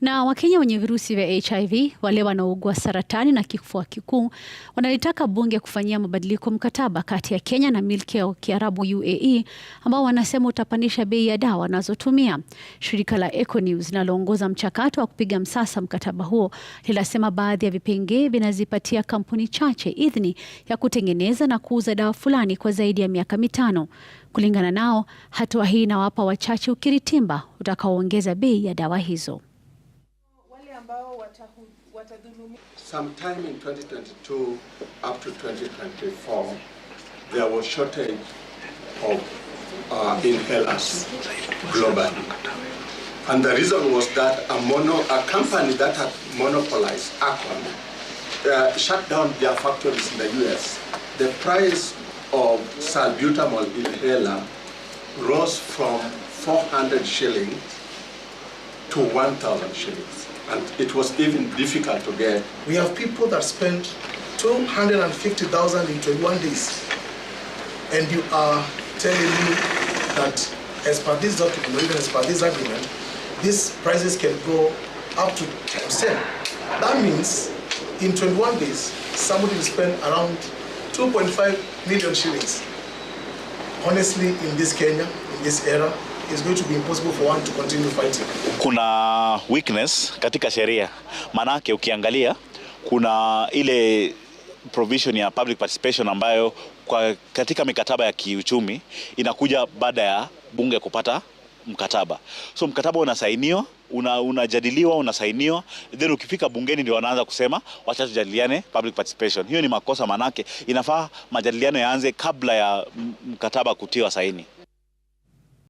Na Wakenya wenye virusi vya HIV, wale wanaougua saratani na kifua kikuu wanalitaka bunge kufanyia mabadiliko mkataba kati ya Kenya na milki ya Kiarabu UAE, ambao wanasema utapandisha bei ya dawa wanazotumia. Shirika la Econews linaloongoza mchakato wa kupiga msasa mkataba huo linasema baadhi ya vipengee vinazipatia kampuni chache idhini ya kutengeneza na kuuza dawa fulani kwa zaidi ya miaka mitano. Kulingana nao, hatua hii inawapa wachache ukiritimba utakaoongeza bei ya dawa hizo. ambao watadhulumiwa. Sometime in 2022 up to 2024 there was shortage of uh, inhalers globally. And the reason was that a, mono, a company that had monopolized Akon uh, shut down their factories in the US. The price of salbutamol inhaler rose from 400 shillings to 1,000 shillings. And it was even difficult to get. We have people that spend 250,000 in 21 days. And you are telling me that as per this document, or even as per this agreement, these prices can go up to 10%. That means in 21 days, somebody will spend around 2.5 million shillings. Honestly, in this Kenya, in this era, is going to be impossible for one to continue fighting. Kuna weakness katika sheria, manake ukiangalia kuna ile provision ya public participation ambayo kwa katika mikataba ya kiuchumi inakuja baada ya bunge kupata mkataba. So mkataba unasainiwa, unajadiliwa, unasainiwa, then ukifika bungeni ndio wanaanza kusema wacha tujadiliane public participation. Hiyo ni makosa, manake inafaa majadiliano yaanze kabla ya mkataba kutiwa saini.